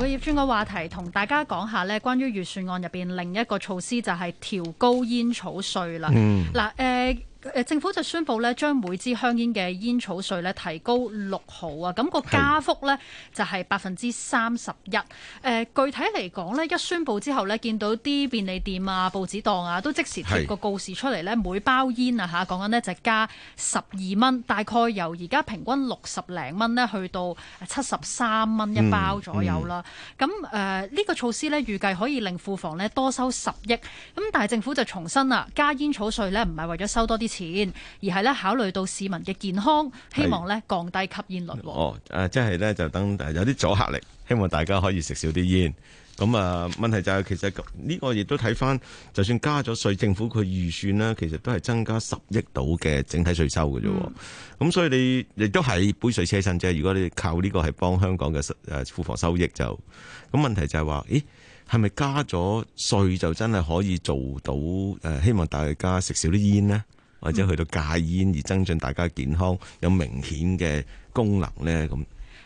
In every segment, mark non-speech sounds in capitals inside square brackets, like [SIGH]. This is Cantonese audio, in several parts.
個葉專嘅話題，同大家講下咧，關於預算案入邊另一個措施就係調高煙草稅啦。嗱、嗯，誒、啊。呃政府就宣布咧，將每支香煙嘅煙草稅咧提高六毫啊，咁個加幅咧就係百分之三十一。具體嚟講咧，一宣布之後咧，見到啲便利店啊、報紙檔啊都即時貼個告示出嚟咧，每包煙啊嚇，講緊呢就加十二蚊，大概由而家平均六十零蚊咧，去到七十三蚊一包左右啦。咁，誒，呢個措施咧，預計可以令庫房咧多收十億。咁但係政府就重申啦，加煙草稅咧唔係為咗收多啲錢。錢，而係咧考慮到市民嘅健康，希望咧降低吸煙率。哦，誒、啊，即係咧就等有啲阻吓力，希望大家可以食少啲煙。咁啊，問題就係、是、其實呢個亦都睇返，就算加咗稅，政府佢預算呢，其實都係增加十億到嘅整體稅收㗎啫。咁、嗯、所以你亦都係杯水車薪啫。如果你靠呢個係幫香港嘅誒庫房收益就，咁問題就係、是、話，誒係咪加咗稅就真係可以做到誒、啊？希望大家食少啲煙呢？或者去到戒煙，而增進大家健康有明顯嘅功能咧，咁。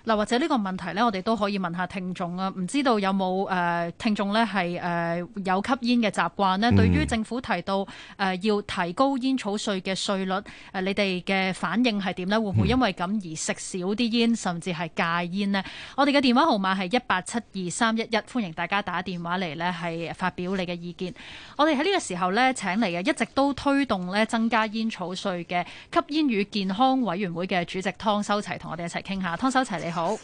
嗱，或者呢個問題呢，我哋都可以問下聽眾啊，唔知道有冇誒聽眾呢？係誒有吸煙嘅習慣呢？對於政府提到誒要提高煙草稅嘅稅率，嗯、你哋嘅反應係點呢？會唔會因為咁而食少啲煙，甚至係戒煙呢？我哋嘅電話號碼係一八七二三一一，歡迎大家打電話嚟呢，係發表你嘅意見。我哋喺呢個時候呢，請嚟嘅一直都推動呢增加煙草稅嘅吸煙與健康委員會嘅主席湯修齊，同我哋一齊傾下。湯修齊你你好，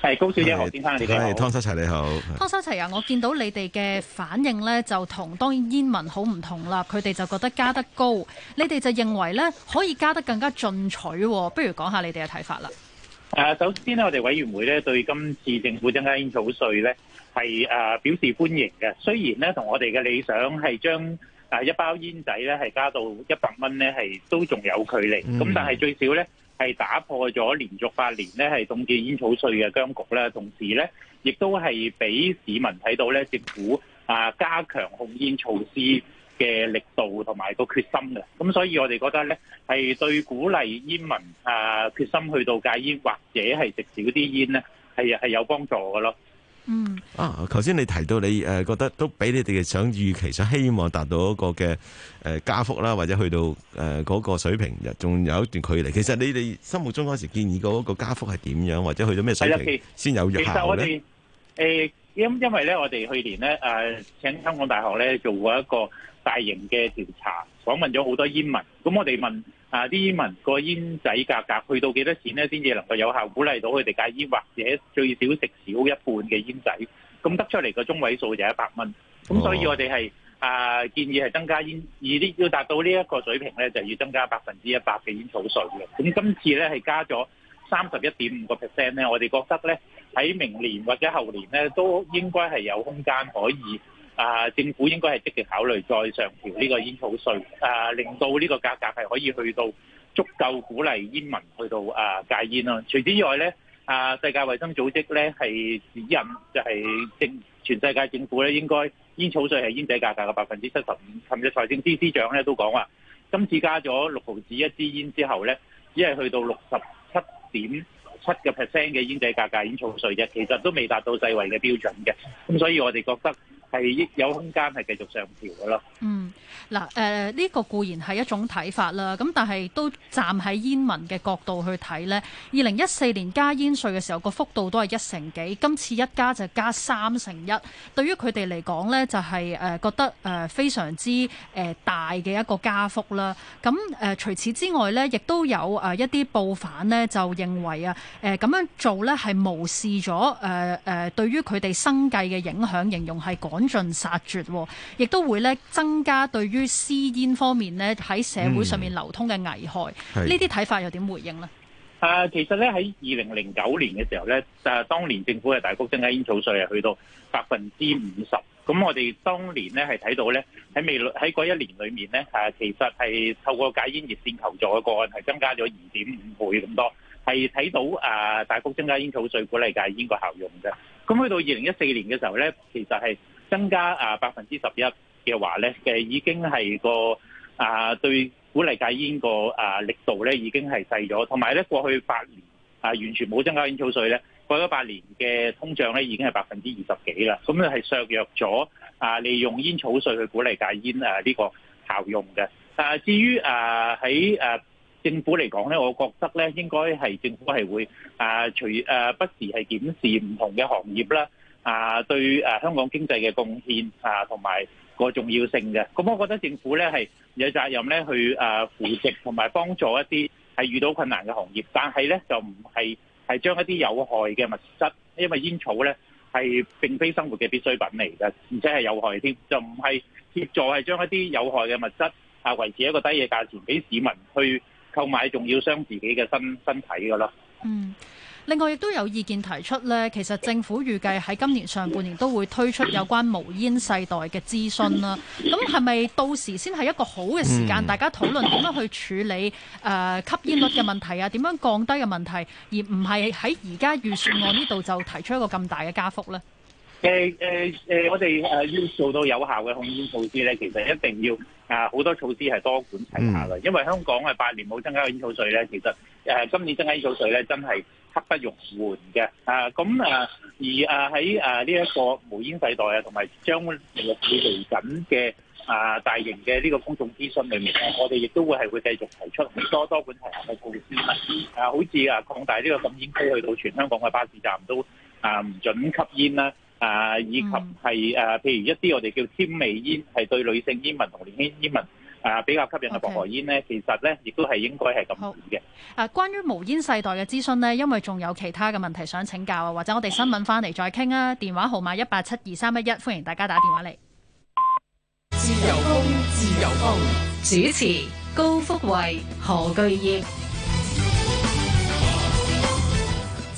係高小姐。何先生，你好，湯修齊你好，湯修齊啊，我見到你哋嘅反應咧，就同當然煙民好唔同啦，佢哋就覺得加得高，你哋就認為咧可以加得更加進取，哦，不如講下你哋嘅睇法啦。誒、啊，首先呢，我哋委員會咧對今次政府增加煙草稅咧係誒表示歡迎嘅，雖然咧同我哋嘅理想係將誒一包煙仔咧係加到一百蚊咧係都仲有距離，咁、嗯、但係最少咧。係打破咗連續八年咧係凍結煙草稅嘅僵局咧，同時咧亦都係俾市民睇到咧政府啊加強控煙措施嘅力度同埋個決心嘅。咁所以我哋覺得咧係對鼓勵煙民啊決心去到戒煙或者係食少啲煙咧係係有幫助㗎咯。嗯，啊，頭先你提到你誒，覺得都比你哋嘅，想預期，想希望達到一個嘅誒加幅啦，或者去到誒嗰個水平，仲有一段距離。其實你哋心目中嗰時建議嗰個加幅係點樣，或者去到咩水平先有效咧？誒、呃，因因為咧，我哋去年咧誒、呃，請香港大學咧做過一個大型嘅調查，訪問咗好多煙民，咁我哋問。啊！啲煙民個煙仔價格去到幾多錢咧，先至能夠有效鼓勵到佢哋戒煙，或者最少食少一半嘅煙仔。咁得出嚟個中位數就一百蚊。咁所以我哋係啊建議係增加煙而呢要達到呢一個水平咧，就要增加百分之一百嘅煙草稅。咁今次咧係加咗三十一點五個 percent 咧，我哋覺得咧喺明年或者後年咧都應該係有空間可以。啊，政府應該係積極考慮再上調呢個煙草稅，啊，令到呢個價格係可以去到足夠鼓勵煙民去到啊戒煙咯、啊。除此以外咧，啊，世界衞生組織咧係指引就係政全世界政府咧應該煙草稅係煙仔價格嘅百分之七十五。琴日財政司司長咧都講話，今次加咗六毫紙一支煙之後咧，只係去到六十七點七個 percent 嘅煙仔價格煙草稅啫，其實都未達到世衞嘅標準嘅。咁所以我哋覺得。係亦有空間係繼續上調嘅咯。嗯，嗱、呃，誒、這、呢個固然係一種睇法啦。咁但係都站喺煙民嘅角度去睇呢，二零一四年加煙稅嘅時候，那個幅度都係一成幾，今次一加就加三成一，對於佢哋嚟講呢，就係、是、誒覺得誒非常之誒、呃、大嘅一個加幅啦。咁誒、呃、除此之外呢亦都有誒、呃、一啲報販呢，就認為啊，誒、呃、咁樣做呢係無視咗誒誒對於佢哋生計嘅影響，形容係趕。趕盡殺絕，亦都會咧增加對於私煙方面咧喺社會上面流通嘅危害。呢啲睇法又點回應呢？啊，其實咧喺二零零九年嘅時候咧，啊當年政府係大幅增加煙草稅、嗯，係去到百分之五十。咁我哋當年咧係睇到咧喺未來喺嗰一年裏面咧，啊其實係透過戒煙熱線求助嘅個案係增加咗二點五倍咁多，係睇到啊大幅增加煙草稅鼓勵戒煙個效用嘅。咁去到二零一四年嘅時候咧，其實係增加啊百分之十一嘅話咧，呃已經係個啊對鼓勵戒煙個啊力度咧已經係細咗，同埋咧過去八年啊完全冇增加煙草稅咧，過咗八年嘅通脹咧已經係百分之二十幾啦，咁咧係削弱咗啊利用煙草稅去鼓勵戒煙啊呢個效用嘅。啊至於啊喺啊政府嚟講咧，我覺得咧應該係政府係會啊隨啊不時係檢視唔同嘅行業啦。啊，對誒香港經濟嘅貢獻啊，同埋個重要性嘅，咁我覺得政府咧係有責任咧去誒扶植同埋幫助一啲係遇到困難嘅行業，但係咧就唔係係將一啲有害嘅物質，因為煙草咧係並非生活嘅必需品嚟嘅，而且係有害添，就唔係協助係將一啲有害嘅物質啊維持一個低嘅價錢俾市民去購買，仲要傷自己嘅身身體㗎咯。嗯。另外，亦都有意見提出咧，其實政府預計喺今年上半年都會推出有關無煙世代嘅諮詢啦。咁係咪到時先係一個好嘅時間，嗯，大家討論點樣去處理誒吸煙率嘅問題啊？點樣降低嘅問題，而唔係喺而家預算案呢度就提出一個咁大嘅加幅咧？誒誒誒，我哋誒要做到有效嘅控煙措施咧，其實一定要啊好、呃、多措施係多管齊下啦，嗯。因為香港係八年冇增加過煙草稅咧，其實。誒今年增加煙草稅咧，真係刻不容緩嘅。啊，咁啊，而啊喺啊呢一個無煙世代啊，同埋將嚟緊嘅啊大型嘅呢個公眾諮詢裏面咧，我哋亦都會係會繼續提出好多多管齊下嘅措施。啊，好似啊擴大呢個禁煙區去到全香港嘅巴士站都啊唔准吸煙啦。啊，以及係誒譬如一啲我哋叫甜味煙係對女性煙民同年輕煙民。係啊，比較吸引嘅薄荷煙咧，okay. 其實咧亦都係應該係咁嘅。啊，關於無煙世代嘅諮詢咧，因為仲有其他嘅問題想請教啊，或者我哋新聞翻嚟再傾啊。電話號碼一八七二三一一，歡迎大家打電話嚟。自由風，自由風，主持高福慧、何巨業。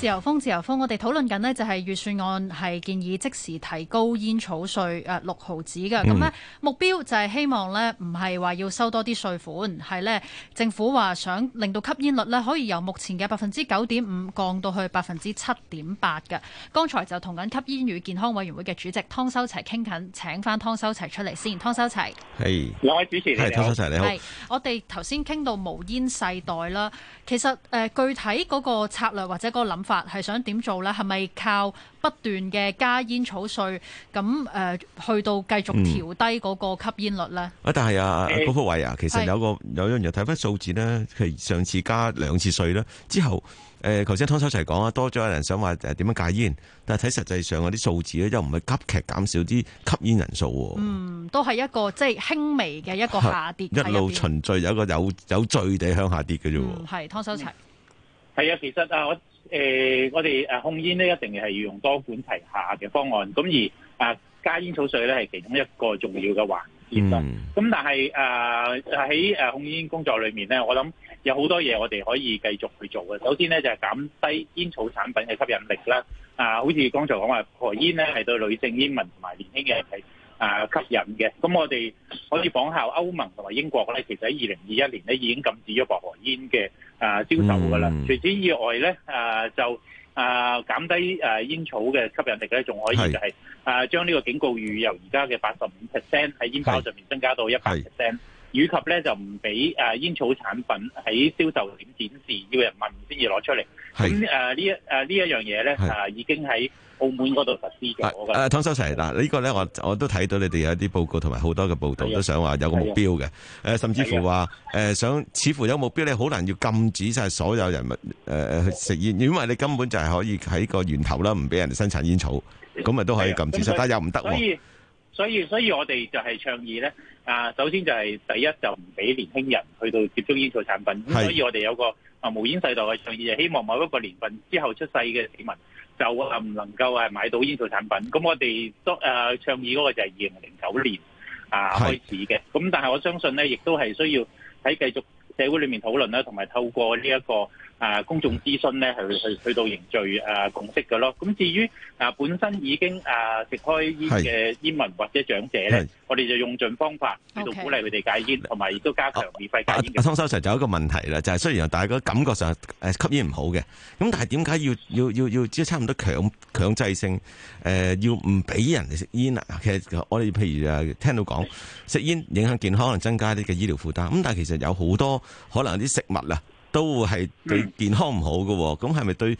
自由風，自由風，我哋討論緊呢就係預算案係建議即時提高煙草稅誒、呃、六毫子嘅。咁、嗯、呢目標就係希望呢唔係話要收多啲稅款，係呢政府話想令到吸煙率呢可以由目前嘅百分之九點五降到去百分之七點八嘅。剛才就同緊吸煙與健康委員會嘅主席湯修齊傾緊，請翻湯修齊出嚟先。湯修齊，係、hey.，兩位主持，係湯修齊你好。Hey. 我哋頭先傾到無煙世代啦，其實誒、呃、具體嗰個策略或者嗰個諗法。係想點做咧？係咪靠不斷嘅加煙草稅？咁、呃、誒，去到繼續調低嗰個吸煙率咧？嗯、是啊，但係啊，高福偉啊，其實有一個有樣嘢睇翻數字咧，譬如上次加兩次稅咧，之後誒，頭先湯修齊講啊，多咗有人想話誒，點樣戒煙？但係睇實際上嗰啲數字咧，又唔係急劇減少啲吸煙人數啊。嗯，都係一個即係輕微嘅一個下跌一路循序有一個有有序地向下跌嘅啫。嗯，係湯修齊係啊，其實啊，我。誒、呃，我哋誒控煙呢一定係要用多管齊下嘅方案。咁而誒加煙草稅咧，係其中一個重要嘅環節啦。咁、嗯、但係誒喺誒控煙工作裏面咧，我諗有好多嘢我哋可以繼續去做嘅。首先咧就係減低煙草產品嘅吸引力啦。啊、呃，好似剛才講話，何煙咧係對女性煙民同埋年輕嘅人係。啊！吸引嘅。咁我哋可以仿效歐盟同埋英國咧，其實喺二零二一年咧已經禁止咗薄荷煙嘅啊銷售噶啦、嗯。除此以外咧、啊，就啊減低啊煙草嘅吸引力咧，仲可以就係、是、啊將呢個警告語由而家嘅八十五 percent 喺煙包上面增加到一百 percent，以及咧就唔俾誒煙草產品喺銷售點展示，要人問先至攞出嚟。咁誒呢一誒呢一樣嘢咧，誒已經喺澳門嗰度實施咗嘅。誒湯修齊，嗱，呢個咧我我都睇到你哋有一啲報告，同埋好多嘅報道都想話有個目標嘅。誒甚至乎話誒想，似乎有目標你，好難要禁止曬所有人物誒誒去食煙，因為你根本就係可以喺個源頭啦，唔俾人哋生產煙草，咁咪都可以禁止曬。但係又唔得。所以所以所以我哋就係倡議咧，誒首先就係第一就唔俾年輕人去到接觸煙草產品。咁所以我哋有個。啊！無煙世代嘅倡議就希望某一個年份之後出世嘅市民就啊唔能夠係買到煙草產品。咁我哋當誒倡議嗰個就係二零零九年啊開始嘅。咁但係我相信咧，亦都係需要喺繼續社會裏面討論啦，同埋透過呢、這、一個。啊！公眾諮詢咧，係去去，去到凝聚啊共識㗎咯。咁至於啊本身已經啊食開煙嘅煙民或者長者咧，我哋就用盡方法去到鼓勵佢哋戒煙，同埋亦都加強免費戒煙。阿湯修 Sir 就有一個問題啦，就係、是、雖然大家感覺上誒吸煙唔好嘅，咁但係點解要要要要即差唔多強強制性誒、呃、要唔俾人嚟食煙啊？其實我哋譬如啊聽到講食煙影響健康，可能增加啲嘅醫療負擔。咁但係其實有好多可能啲食物啦都會係對健康唔好嘅，咁係咪對？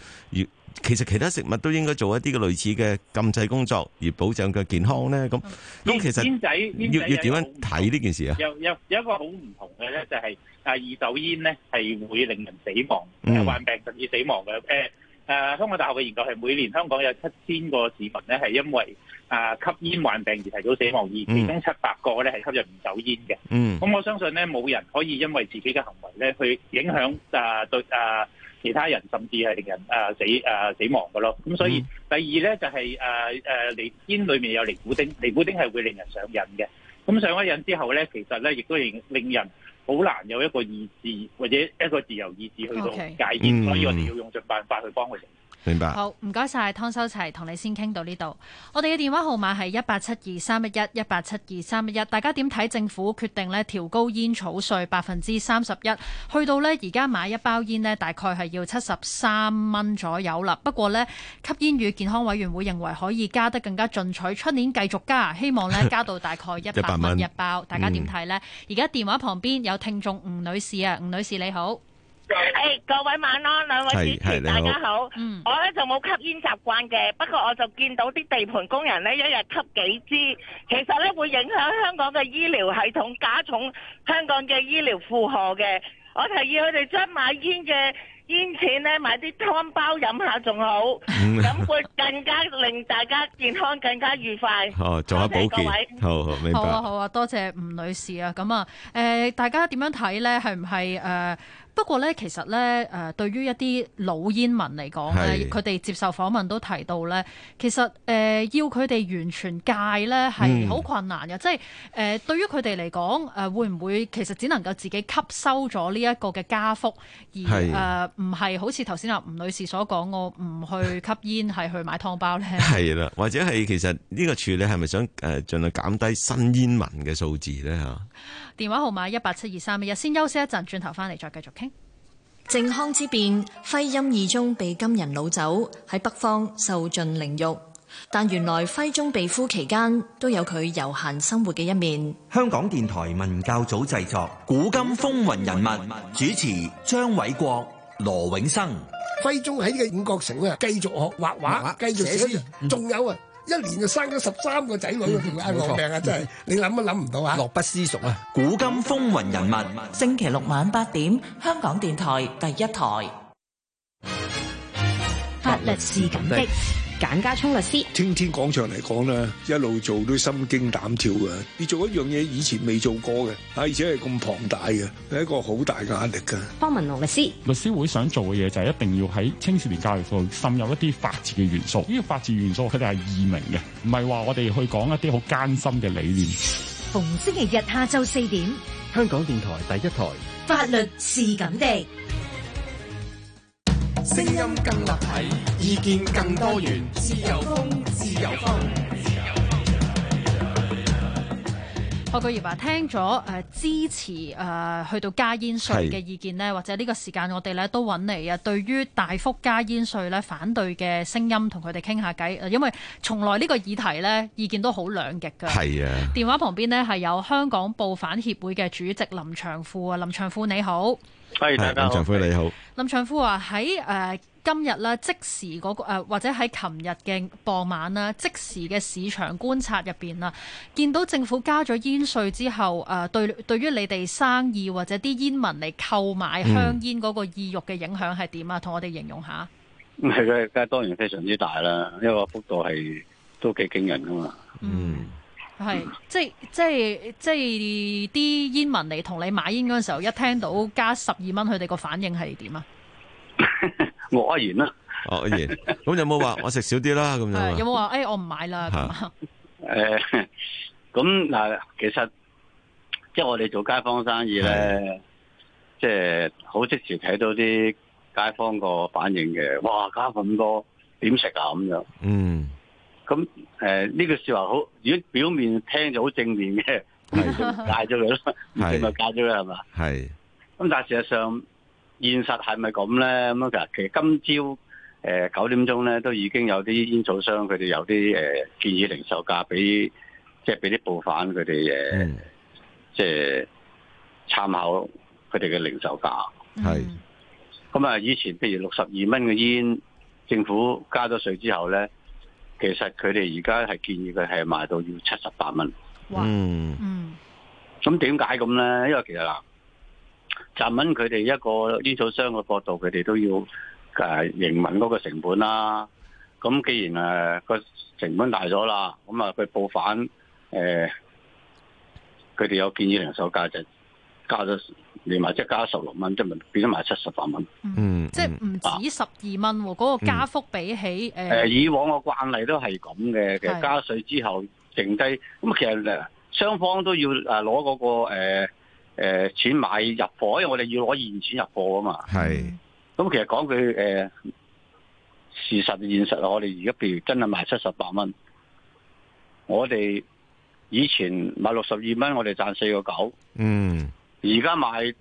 其實其他食物都應該做一啲嘅類似嘅禁制工作，而保障佢嘅健康咧。咁咁其實煙仔要要點樣睇呢件事啊？有有有一個好唔同嘅咧，就係啊二手煙咧係會令人死亡，誒患病、甚至死亡嘅誒。誒、呃、香港大學嘅研究係每年香港有七千個市民咧係因為誒、呃、吸煙患病而提早死亡，而其中七百個咧係吸入唔走煙嘅。咁、嗯、我相信咧冇人可以因為自己嘅行為咧去影響誒對誒其他人，甚至係令人誒、呃、死誒、呃、死亡嘅咯。咁所以，嗯、第二咧就係誒誒尼煙裡面有尼古丁，尼古丁係會令人上癮嘅。咁上咗癮之後咧，其實咧亦都令令人好難有一個意志或者一個自由意志去到戒煙，okay，所以我哋要用盡辦法去幫佢明白。好，唔該曬湯修齊同你先傾到呢度。我哋嘅電話號碼係一八七二三一一，一八七二三一一。大家點睇政府決定咧調高煙草稅百分之三十一，去到呢而家買一包煙呢，大概係要七十三蚊左右啦。不過呢，吸煙與健康委員會認為可以加得更加進取，出年繼續加，希望呢加到大概一百蚊一包。 [LAUGHS] 大家點睇呢？嗯、而家電話旁邊有聽眾吳女士啊，吳女士你好。誒、hey,，各位晚安，兩位大家好。嗯，我咧就冇吸煙習慣嘅，不過我就見到啲地盤工人咧一日吸幾支，其實咧會影響香港嘅醫療系統，加重香港嘅醫療負荷嘅。我提議佢哋將買煙嘅煙錢咧買啲湯包飲下仲好，咁、嗯、會更加令大家健康更加愉快。哦，做下保健。好，明白。好好啊，多謝吳女士啊。咁啊，誒、呃，大家點樣睇咧？係唔係誒？呃不過咧，其實咧，誒對於一啲老煙民嚟講咧，佢哋接受訪問都提到咧，其實誒要佢哋完全戒咧係好困難嘅，即係誒對於佢哋嚟講，誒會唔會其實只能夠自己吸收咗呢一個嘅加幅，而誒唔係好似頭先阿吳女士所講，我唔去吸煙係去買湯包咧。係啦，或者係其實呢個處理係咪想誒盡量減低新煙民嘅數字咧？嚇！電話號碼一八七二三一。先休息一陣，轉頭翻嚟再繼續傾。靖康之變，徽欽二宗被金人擄走，喺北方受盡凌辱。但原來徽宗被俘期間，都有佢悠閒生活嘅一面。香港電台文教組製作《古今風雲人物》，主持張偉國、羅永生。徽宗喺呢個五國城啊，繼續學畫畫，繼續寫詩，仲、嗯、有啊。一年就生咗十三個仔女，叫阿羅命啊！真係你諗都諗唔到啊！樂不思蜀啊！古今風雲人物，星期六晚八點，香港電台第一台。法律是咁的。簡家聰律師，天天廣場嚟講咧，一路做都心驚膽跳嘅。你做一樣嘢以前未做過嘅，啊，而且係咁龐大嘅，係一個好大嘅壓力噶。方文龍律師，律師會想做嘅嘢就係一定要喺青少年教育課滲入一啲法治嘅元素。呢個法治元素佢哋係易明嘅，唔係話我哋去講一啲好艱辛嘅理念。逢星期日下晝四點，香港電台第一台，法律是咁地。聲音更立體，意見更多元，自由風，自由風。何巨儀啊，聽咗誒支持誒、呃、去到加煙稅嘅意見咧，或者呢個時間我哋咧都揾嚟啊，對於大幅加煙稅咧反對嘅聲音，同佢哋傾下偈。因為從來呢個議題咧，意見都好兩極噶。係啊，電話旁邊咧係有香港報販協會嘅主席林長富啊，林長富你好。林長富，你好。林長富啊，喺誒、呃、今日啦，即時嗰、那個誒、呃，或者喺琴日嘅傍晚啦，即時嘅市場觀察入邊啦，見到政府加咗煙稅之後，誒、呃、對對於你哋生意或者啲煙民嚟購買香煙嗰個意欲嘅影響係點啊？同我哋形容下。係咧，梗係當然非常之大啦，因為個幅度係都幾驚人噶嘛。嗯。係，即係即係即係啲煙民嚟同你買煙嗰陣時候，一聽到加十二蚊，佢哋個反應係點 [LAUGHS] 言啊？愕然啦，愕然。咁有冇話我食少啲啦？咁樣有冇話誒，我唔買啦？誒，咁 [LAUGHS] 嗱、嗯，其實即係我哋做街坊生意咧，即係好即時睇到啲街坊個反應嘅。哇，加咁多點食啊？咁樣嗯。咁誒呢句説話好，如果表面聽就好正面嘅，係戒咗佢咯，唔掂咪戒咗佢係嘛？係。咁但事實上，現實係咪咁咧？咁其實今朝九點鐘咧，都已經有啲煙草商，佢哋有啲、呃、建議零售價，俾即係俾啲報販佢哋即係參考佢哋嘅零售價。係。咁、嗯、啊，以前譬如六十二蚊嘅煙，政府加咗稅之後咧。其實佢哋而家係建議佢係賣到要七十八蚊。嗯，咁點解咁咧？因為其實啦，集文佢哋一個煙草商嘅角度，佢哋都要誒營運嗰個成本啦。咁既然誒個成本大咗啦，咁啊佢報販誒，佢哋有建議零售價值。加咗連埋即係加咗十六蚊，即係咪變咗賣七十八蚊？嗯，即係唔止十二蚊。嗰、啊嗰個加幅比起誒，誒、嗯呃，以往個慣例都係咁嘅。其實加稅之後剩低，咁、嗯、其實雙方都要誒攞嗰個誒誒、呃、錢買入貨，因為我哋要攞現錢入貨啊嘛。係，咁、嗯、其實講句誒、呃、事實現實啊，我哋而家譬如真係賣七十八蚊，我哋以前賣六十二蚊，我哋賺四個九。嗯。而家買，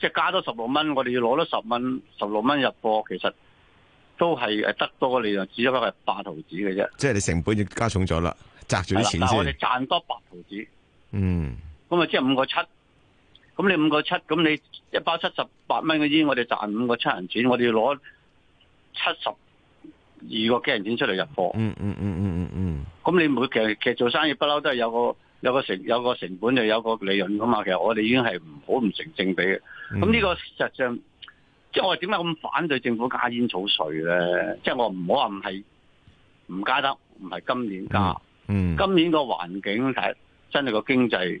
即係加多十六蚊，我哋要攞多十蚊，十六蚊入貨，其實都係誒得多嘅利潤，只不過係八毫子嘅啫。即係你成本要加重咗啦，賺住啲錢先。嗱，我哋賺多八毫子。嗯。咁啊，即係五個七。咁你五個七，咁你一包七十八蚊嘅煙，我哋賺五個七銀錢，我哋要攞七十二個幾銀錢出嚟入貨。嗯嗯嗯嗯嗯嗯。咁、嗯嗯嗯、你每其實其實做生意不嬲都係有個。有個成有個成本就有個利潤噶嘛，其實我哋已經係唔好唔成正比嘅。咁呢個實際上、嗯，即係我哋點解咁反對政府加煙草稅咧，嗯？即係我唔好話唔係唔加得，唔係今年加。嗯，嗯今年個環境睇，真係個經濟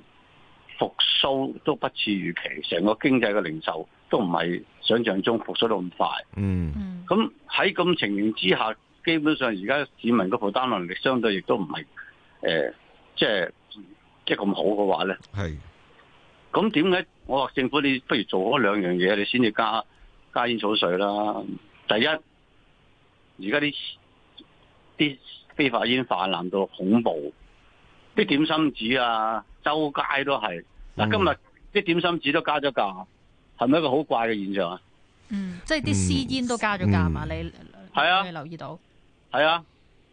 復蘇都不似預期，成個經濟嘅零售都唔係想象中復蘇得咁快。嗯，咁喺咁情形之下，基本上而家市民個負擔能力相對亦都唔係，誒、呃，即係。即係咁好嘅話咧，係，咁點解我話政府你不如做好兩樣嘢，你先至加加煙草稅啦？第一，而家啲啲非法煙泛濫到恐怖，啲、嗯、點心紙啊，周街都係。嗱，今日啲點心紙都加咗價，係咪一個好怪嘅現象啊？嗯，即係啲私煙都加咗價嘛？你係啊、嗯，你，你留意到？係啊，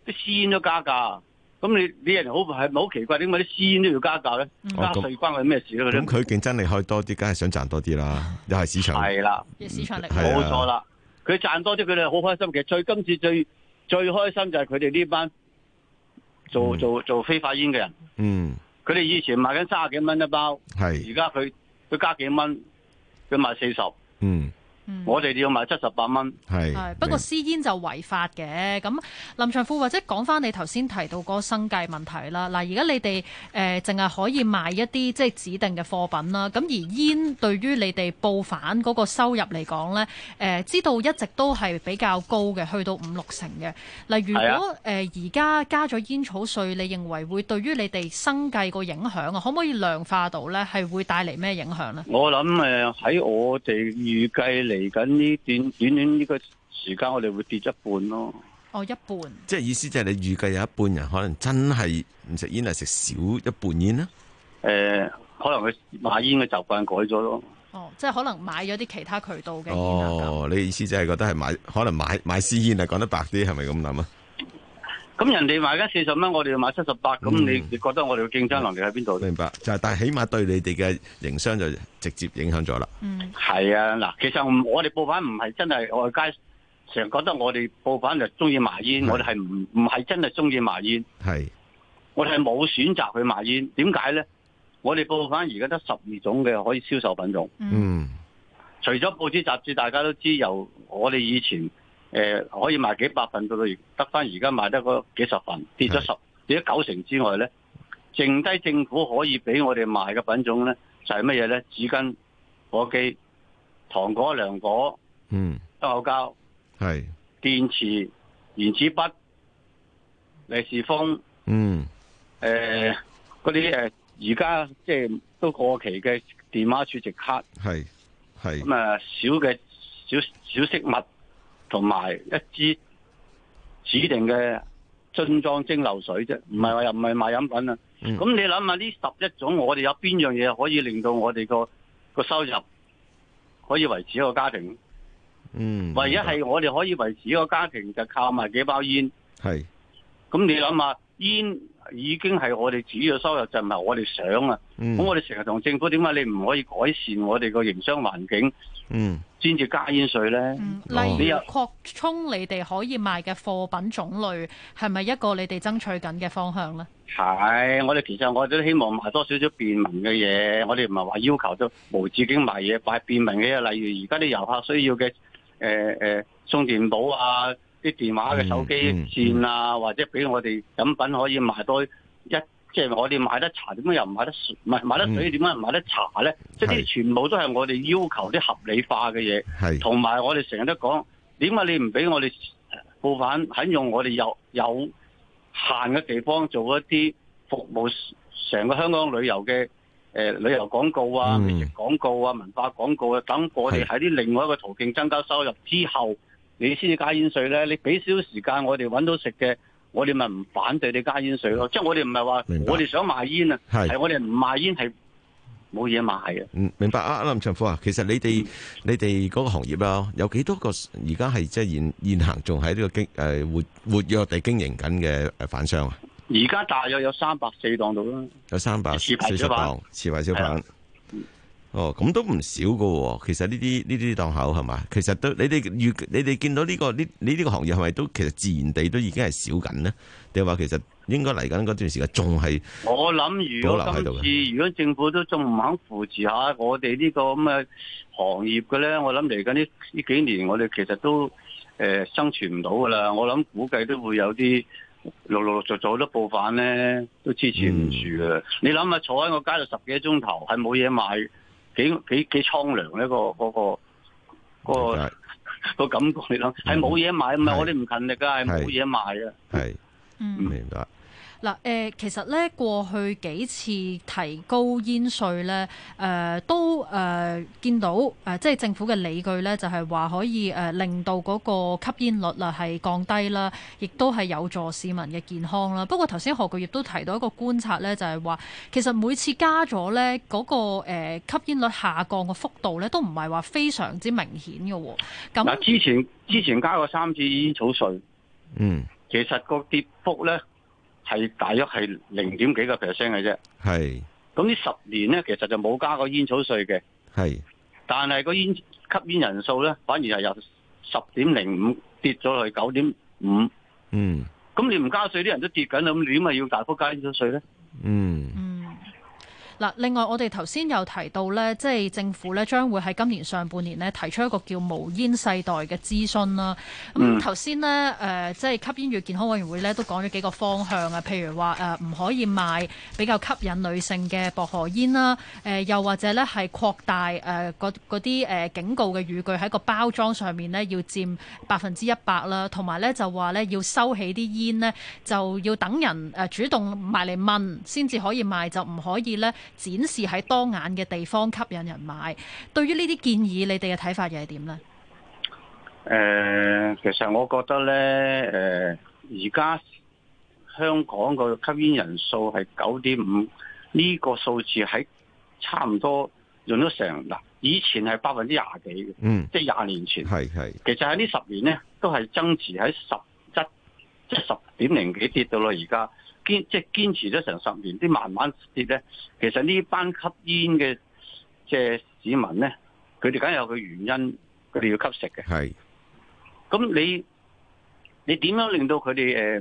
啲、啊、私煙都加價。咁你你人好係咪好奇怪？點解啲私煙都要加價咧、嗯？加稅關佢咩事咧？咁佢競爭力開多啲，梗係想賺多啲啦，又係市場。係啦，嘅市場力冇錯、嗯、啦。佢賺多啲，佢哋好開心。其實最今次最最開心就係佢哋呢班做、嗯、做做、做非法煙嘅人。嗯，佢哋以前賣緊三十幾蚊一包，係而家佢佢加幾蚊，佢賣四十。嗯。我哋要買七十八蚊，係不過私煙就違法嘅。咁林長富，或者講返你頭先提到嗰個生計問題啦。嗱，而家你哋誒淨係可以賣一啲即係指定嘅貨品啦。咁而煙對於你哋報販嗰個收入嚟講呢，誒知道一直都係比較高嘅，去到五六成嘅。嗱，如果誒而家加咗煙草稅，你認為會對於你哋生計個影響啊？可唔可以量化到呢？係會帶嚟咩影響呢？我諗誒喺我哋預計嚟。嚟緊呢段短短呢個時間，我哋會跌一半咯。哦，一半。即係意思就係你預計有一半人可能真係唔食煙，係食少一半煙啦。欸，可能佢買煙嘅習慣改咗咯。哦，即係可能買咗啲其他渠道嘅煙啊。哦，你意思就係覺得係買，可能買買私煙啊，講得白啲，係咪咁諗啊？咁人哋賣緊四十蚊，我哋要賣七十八，咁、嗯、你你覺得我哋嘅競爭能力喺邊度？明白，就係，但係起碼對你哋嘅營商就直接影響咗啦。嗯，係啊，嗱，其實我哋報販唔係真係外街，成日覺得我哋報販就中意賣煙，我哋係唔唔係真係中意賣煙。係，我哋係冇選擇去賣煙。點解咧？我哋報販而家得十二種嘅可以銷售品種。嗯，除咗報紙雜誌，大家都知道由我哋以前。誒、呃，可以賣幾百份到到得翻，而家賣得嗰幾十份，跌咗十跌咗九成之外咧，剩低政府可以俾我哋賣嘅品種咧就係乜嘢咧？紙巾、火機、糖果、涼果、嗯、口膠、係電池、原子筆、利是封嗯、誒嗰啲誒而家即係都過期嘅電話儲值卡、係係咁啊，小嘅小小飾物。同埋一支指定嘅樽裝蒸餾水啫，唔係話又唔係賣飲品啦。咁，嗯，你諗下呢十一種，我哋有邊樣嘢可以令到我哋個個收入可以維持一個家庭？嗯，唯一係我哋可以維持一個家庭就靠埋幾包煙。係，咁你諗下煙。已經係我哋主要嘅收入，就唔係我哋想啊。咁、嗯、我哋成日同政府點解你唔可以改善我哋個營商環境？嗯，先至加煙稅咧，例如擴充你哋可以賣嘅貨品種類，係咪一個你哋爭取緊嘅方向咧？係，我哋其實我都希望賣多少少便民嘅嘢。我哋唔係話要求都無止境賣嘢，賣便民嘅嘢。例如而家啲遊客需要嘅，誒、呃、誒、充、呃、電寶啊。啲電話嘅手機線啊，嗯嗯、或者俾我哋飲品可以賣多一，即、嗯、係、就是、我哋買得茶，點解又唔買得水？唔係買得水點解唔買得茶咧？即係、就是、全部都係我哋要求啲合理化嘅嘢，同埋我哋成日都講點解你唔俾我哋報販肯用我哋有有限嘅地方做一啲服務，成個香港旅遊嘅、呃、旅遊廣告啊、美、嗯、廣告啊、文化廣告啊，等我哋喺啲另外一個途徑增加收入之後。你先至加煙稅咧，你俾少少時間我哋揾到食嘅，我哋咪唔反對你加煙稅咯。即係我哋唔係話我哋想賣煙啊，係我哋唔賣煙係冇嘢賣嘅。嗯，明白啊，阿林長富啊，其實你哋你哋嗰個行業啊，有幾多個而家係即係現行仲喺呢個活活躍地經營緊嘅誒販商啊？而家大約有三百四檔到啦，有三百四十檔持牌小販。哦，咁都唔少噶，其實呢啲呢啲檔口係嘛？其實都你哋如你哋見到呢、這個呢你呢個行業係咪都其實自然地都已經係少緊呢定話其實應該嚟緊嗰段時間仲係？我諗如果今次如果政府都仲唔肯扶持下我哋呢個咁嘅行業嘅咧，我諗嚟緊呢呢幾年我哋其實都誒、呃、生存唔到噶啦。我諗估計都會有啲陸陸續續好多報販咧，都支持唔住嘅。你諗下坐喺個街度十幾個鐘頭係冇嘢賣。幾幾幾蒼涼呢，嗰個，嗰個，嗰個 [LAUGHS] 個感覺你諗，係冇嘢買，唔係我哋唔勤力㗎，係冇嘢賣啊！係。嗯，明白。嗱，誒，其實咧過去幾次提高煙稅咧，誒，都誒見到誒，即係政府嘅理據咧，就係話可以誒令到嗰個吸煙率啊係降低啦，亦都係有助市民嘅健康啦。不過頭先何國業都提到一個觀察咧，就係話其實每次加咗咧嗰個吸煙率下降嘅幅度咧，都唔係話非常之明顯嘅喎。嗱，之前之前加過三次煙草稅，嗯，其實個跌幅咧，係大約係零點幾個 percent 嘅啫，係，咁呢十年咧，其實就冇加過煙草稅嘅，係，但係個煙吸煙人數咧，反而係由十點零五跌咗去九點五，嗯，咁你唔加稅，啲人都跌緊，咁你點咪要大幅加煙草稅咧？嗯。嗱，另外我哋頭先有提到咧，即係政府咧將會喺今年上半年呢提出一個叫無煙世代嘅諮詢啦。咁頭先呢誒，即係吸煙與健康委員會咧都講咗幾個方向啊，譬如話誒唔可以賣比較吸引女性嘅薄荷煙啦，誒又或者咧係擴大誒嗰啲警告嘅語句喺個包裝上面呢要佔百分之一百啦，同埋咧就話咧要收起啲煙呢就要等人誒主動埋嚟問先至可以賣，就唔可以咧，展示喺當眼嘅地方吸引人買，對於呢啲建議，你哋嘅睇法又係點咧？誒、呃，其實我覺得咧，誒、呃，而家香港的吸引個吸煙人數係九點五呢個數字，喺差唔多用咗成嗱，以前係百分之廿幾嘅，嗯，即係廿年前係係，是是其實喺呢十年咧都係增持喺十七，即係十點零幾跌到咯，而家。堅即係堅持咗成十年，啲慢慢跌咧。其實呢班吸煙嘅即市民咧，佢哋梗係有佢原因，佢哋要吸食嘅。係，咁你你點樣令到佢哋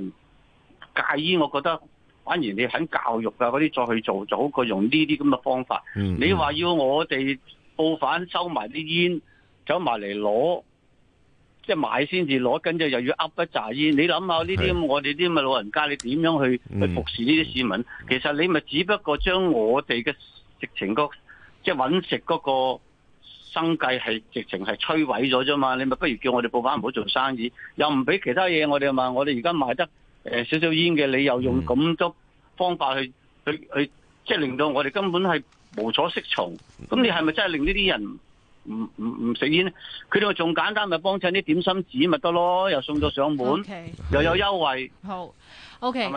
誒戒煙？我覺得反而你肯教育啊，嗰啲再去做，仲好過用呢啲咁嘅方法。嗯嗯，你話要我哋報返收埋啲煙，走埋嚟攞。即係買先至攞根，就又要吸一扎煙。你諗下呢啲，我哋啲嘅老人家，你點樣去去服侍呢啲市民，嗯？其實你咪只不過將我哋嘅直情即係揾食嗰個生計係直情係摧毀咗啫嘛。你咪不如叫我哋報販唔好做生意，又唔俾其他嘢我哋嘛。我哋而家賣得誒少少煙嘅，你、嗯、又用咁多方法去去去，即係令到我哋根本係無所適從。咁你係咪真係令呢啲人？唔唔唔食煙，佢哋話仲簡單，咪幫襯啲點心紙咪得咯，又送咗上門，Okay. 又有優惠。好。O.K.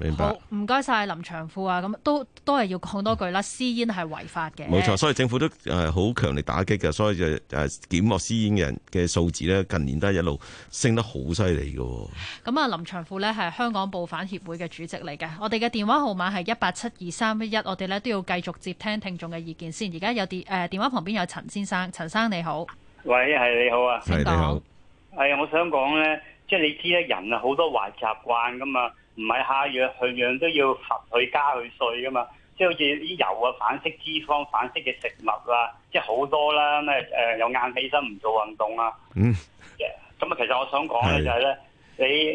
明白，唔該晒林長富啊！咁都都係要講多句啦，嗯。私煙係違法嘅，冇錯。所以政府都誒好強力打擊嘅，所以就誒檢獲私煙嘅人嘅數字咧，近年都係一路升得好犀利嘅。咁啊，林長富咧係香港報販協會嘅主席嚟嘅。我哋嘅電話號碼係一八七二三一一，我哋咧都要繼續接聽聽眾嘅意見先。而家有電誒、呃、電話旁邊有陳先生，陳生你好。喂，係你好啊，係你好。係啊，我想講咧。即係你知咧，人啊好多壞習慣噶嘛，唔係下藥樣樣都要罰佢加佢稅噶嘛。即係好似啲油啊、反式脂肪、反式嘅食物啦，即係好多啦。咩、呃、誒？又晏起身唔做運動啊。嗯。咁啊，其實我想講咧就係、是、咧，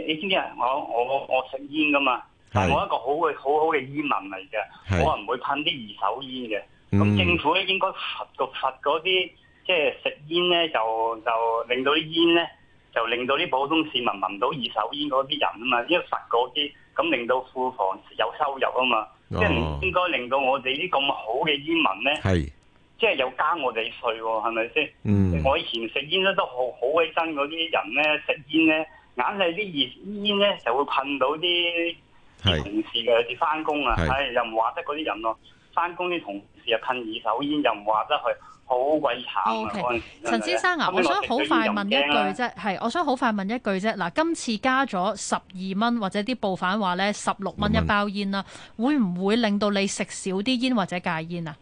你你知唔知啊？我我我食煙噶嘛，但係我一個好好嘅好好嘅煙民嚟嘅，我唔會噴啲二手煙嘅。咁、mm. 政府咧應該罰個罰嗰啲，即係食煙咧就就令到啲煙咧。就令到啲普通市民聞到二手煙嗰啲人啊嘛，因為實啲咁令到庫房有收入啊嘛，oh. 即係唔應該令到我哋啲咁好嘅煙民咧，即係有加我哋稅喎，係咪先？我、mm. 以前食煙咧都好好鬼憎嗰啲人咧食煙咧，硬係啲熱煙咧就會噴到啲同事嘅，有啲翻工啊，唉、哎、又唔話得嗰啲人咯、啊，翻工啲同事又噴二手煙又唔話得佢。好鬼慘 OK，陳先生啊，我想好快問一句啫，係、啊、我想好快問一句啫。嗱，今次加咗十二蚊，或者啲報販話咧十六蚊一包煙啦，會唔會令到你食少啲煙或者戒煙啊？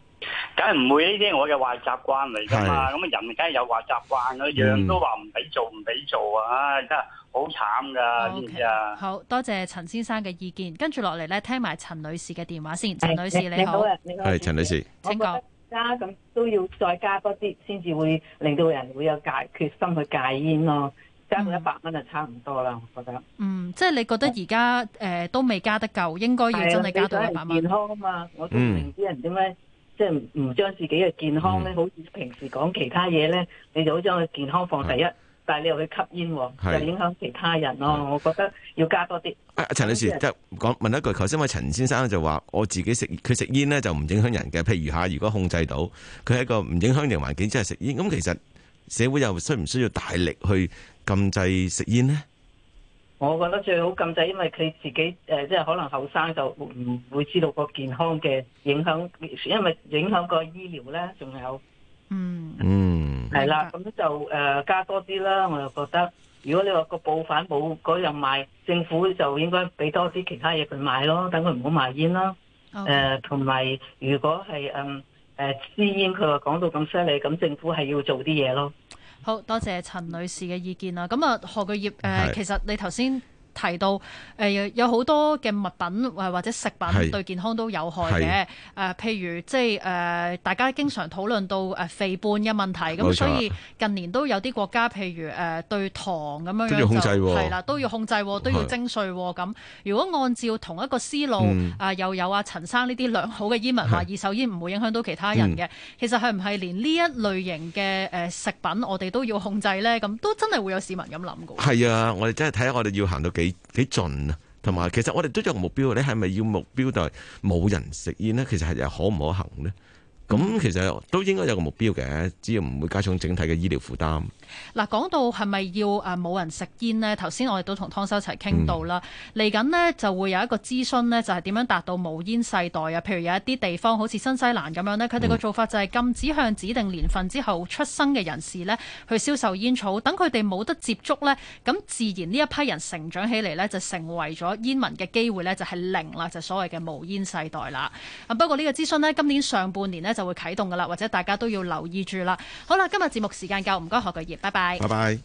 梗係唔會呢啲，我嘅壞習慣嚟㗎嘛。咁人梗係有壞習慣，嗯、樣樣都話唔俾做，唔俾做啊！真係好慘㗎，知、okay，唔知啊？好多謝陳先生嘅意見，跟住落嚟咧，聽埋陳女士嘅電話先。陳女士你好，係、哎、陳，陳女士，請講。啦、啊，咁都要再加多啲，先至會令到人會有戒決心去戒煙咯。加到一百蚊就差唔多啦，我覺得。嗯，即係你覺得而家誒都未加得夠，應該要真係加到一百蚊。健康啊嘛，我都唔明啲人點解，即係唔將自己嘅健康咧，好似平時講其他嘢咧，你就好將佢健康放第一。但係你又去吸煙，又、就是、影響其他人咯。我覺得要加多啲。阿、啊、陳女士，即係講問一句，頭先位陳先生就話，我自己食佢食煙咧就唔影響人嘅。譬如吓如果控制到，佢係一個唔影響人環境，即係食煙。咁其實社會又需唔需要大力去禁制食煙呢？我覺得最好禁制，因為佢自己誒，即係可能後生就唔會知道個健康嘅影響，因為影響個醫療咧，仲有，嗯嗯。嗯係啦，咁就誒、呃、加多啲啦。我又覺得，如果你話個報販冇嗰樣賣，政府就應該俾多啲其他嘢佢賣咯，等佢唔好賣煙啦。誒、okay. 呃，同埋如果係嗯誒支煙，佢話講到咁犀利，咁政府係要做啲嘢咯。好多謝陳女士嘅意見啦。咁啊，何巨業誒，其實你頭先。提到誒、呃、有好多嘅物品或者食品對健康都有害嘅，誒、呃、譬如即係誒大家經常討論到誒肥胖嘅問題，咁、嗯、所以近年都有啲國家譬如誒、呃、對糖咁樣控制啦，都要控制、啊，都要徵稅、啊。咁、啊、如果按照同一個思路啊、嗯呃，又有阿陳生呢啲良好嘅煙民話二手煙唔會影響到其他人嘅、嗯，其實係唔係連呢一類型嘅誒食品我哋都要控制咧？咁都真係會有市民咁諗嘅。係啊，我哋真係睇下我哋要行到幾？幾幾盡啊，同埋其實我哋都有目標，你係咪要目標就係冇人食煙呢？其實係又可唔可行呢？咁其實都應該有個目標嘅，只要唔會加重整體嘅醫療負擔。嗱，講到係咪要誒冇人食煙呢？頭先我哋都同湯修齊一齊傾到啦。嚟緊呢，就會有一個諮詢呢，就係點樣達到無煙世代啊？譬如有一啲地方好似新西蘭咁樣呢，佢哋個做法就係禁止向指定年份之後出生嘅人士呢去銷售煙草。等佢哋冇得接觸呢，咁自然呢一批人成長起嚟呢，就成為咗煙民嘅機會呢，就係零啦，就所謂嘅無煙世代啦。不過呢個諮詢呢，今年上半年呢。就會啟動噶啦，或者大家都要留意住啦。好啦，今日節目時間夠，唔該，何巨業，拜拜。拜拜。